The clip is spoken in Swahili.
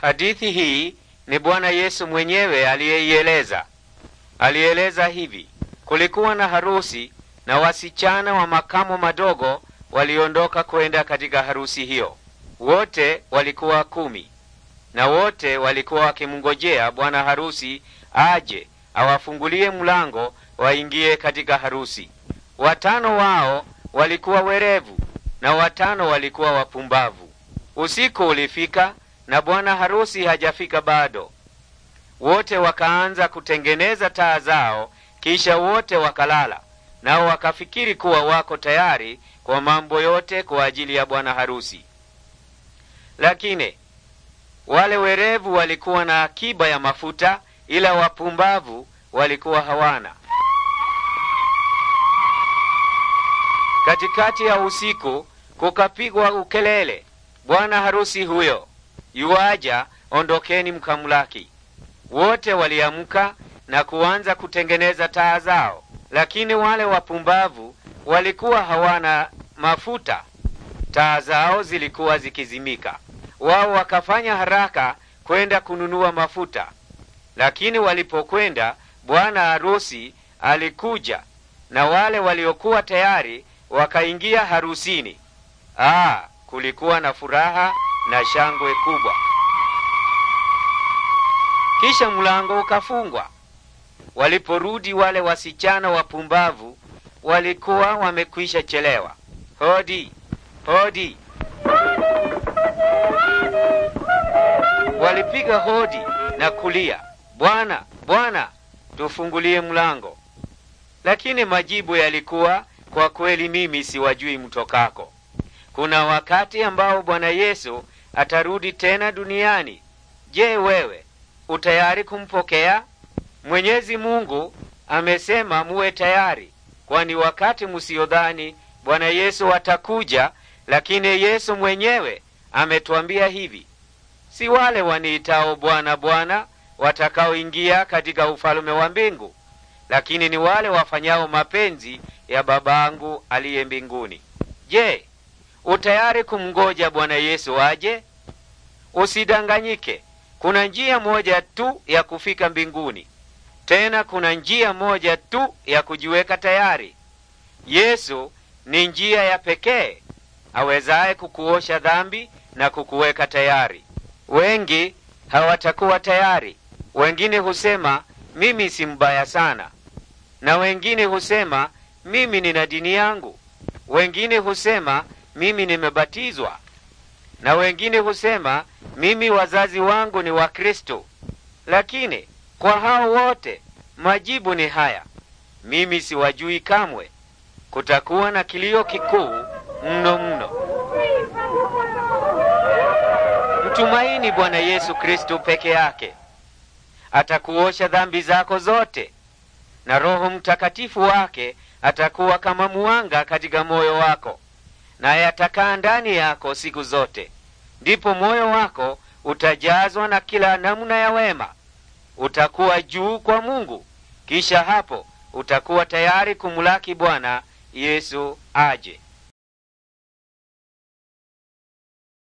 Hadithi hii ni Bwana Yesu mwenyewe aliyeieleza. Alieleza hivi: kulikuwa na harusi, na wasichana wa makamo madogo waliondoka kwenda katika harusi hiyo. Wote walikuwa kumi, na wote walikuwa wakimngojea bwana harusi aje awafungulie mlango waingie katika harusi. Watano wao walikuwa werevu na watano walikuwa wapumbavu. Usiku ulifika na bwana harusi hajafika bado. Wote wakaanza kutengeneza taa zao, kisha wote wakalala, nao wakafikiri kuwa wako tayari kwa mambo yote kwa ajili ya bwana harusi. Lakini wale werevu walikuwa na akiba ya mafuta, ila wapumbavu walikuwa hawana. Katikati ya usiku kukapigwa ukelele, bwana harusi huyo yuwaja, ondokeni mkamlaki. Wote waliamka na kuanza kutengeneza taa zao, lakini wale wapumbavu walikuwa hawana mafuta, taa zao zilikuwa zikizimika. Wao wakafanya haraka kwenda kununua mafuta, lakini walipokwenda, bwana harusi alikuja na wale waliokuwa tayari wakaingia harusini. Ah, kulikuwa na furaha na shangwe kubwa. Kisha mlango ukafungwa. Waliporudi wale wasichana wapumbavu walikuwa wamekwisha chelewa. Hodi, hodi! Walipiga hodi na kulia, bwana, bwana, tufungulie mlango. Lakini majibu yalikuwa kwa kweli, mimi siwajui mtokako. Kuna wakati ambao Bwana Yesu atarudi tena duniani. Je, wewe utayari kumpokea? Mwenyezi Mungu amesema muwe tayari, kwani wakati musiyodhani Bwana Yesu atakuja, lakini Yesu mwenyewe ametwambia hivi, si wale waniitao Bwana, Bwana watakaoingia katika ufalume wa mbingu, lakini ni wale wafanyao mapenzi ya baba angu aliye mbinguni. Je, utayari kumngoja Bwana Yesu aje? Usidanganyike, kuna njia moja tu ya kufika mbinguni, tena kuna njia moja tu ya kujiweka tayari. Yesu ni njia ya pekee awezaye kukuosha dhambi na kukuweka tayari. Wengi hawatakuwa tayari. Wengine husema mimi si mbaya sana, na wengine husema mimi nina dini yangu, wengine husema mimi nimebatizwa, na wengine husema mimi wazazi wangu ni Wakristo. Lakini kwa hao wote majibu ni haya, mimi siwajui kamwe. Kutakuwa na kilio kikuu mno mno. Mtumaini Bwana Yesu Kristo peke yake, atakuosha dhambi zako zote, na Roho Mtakatifu wake atakuwa kama mwanga katika moyo wako na yatakaa ndani yako siku zote. Ndipo moyo wako utajazwa na kila namna ya wema, utakuwa juu kwa Mungu. Kisha hapo utakuwa tayari kumlaki Bwana Yesu aje.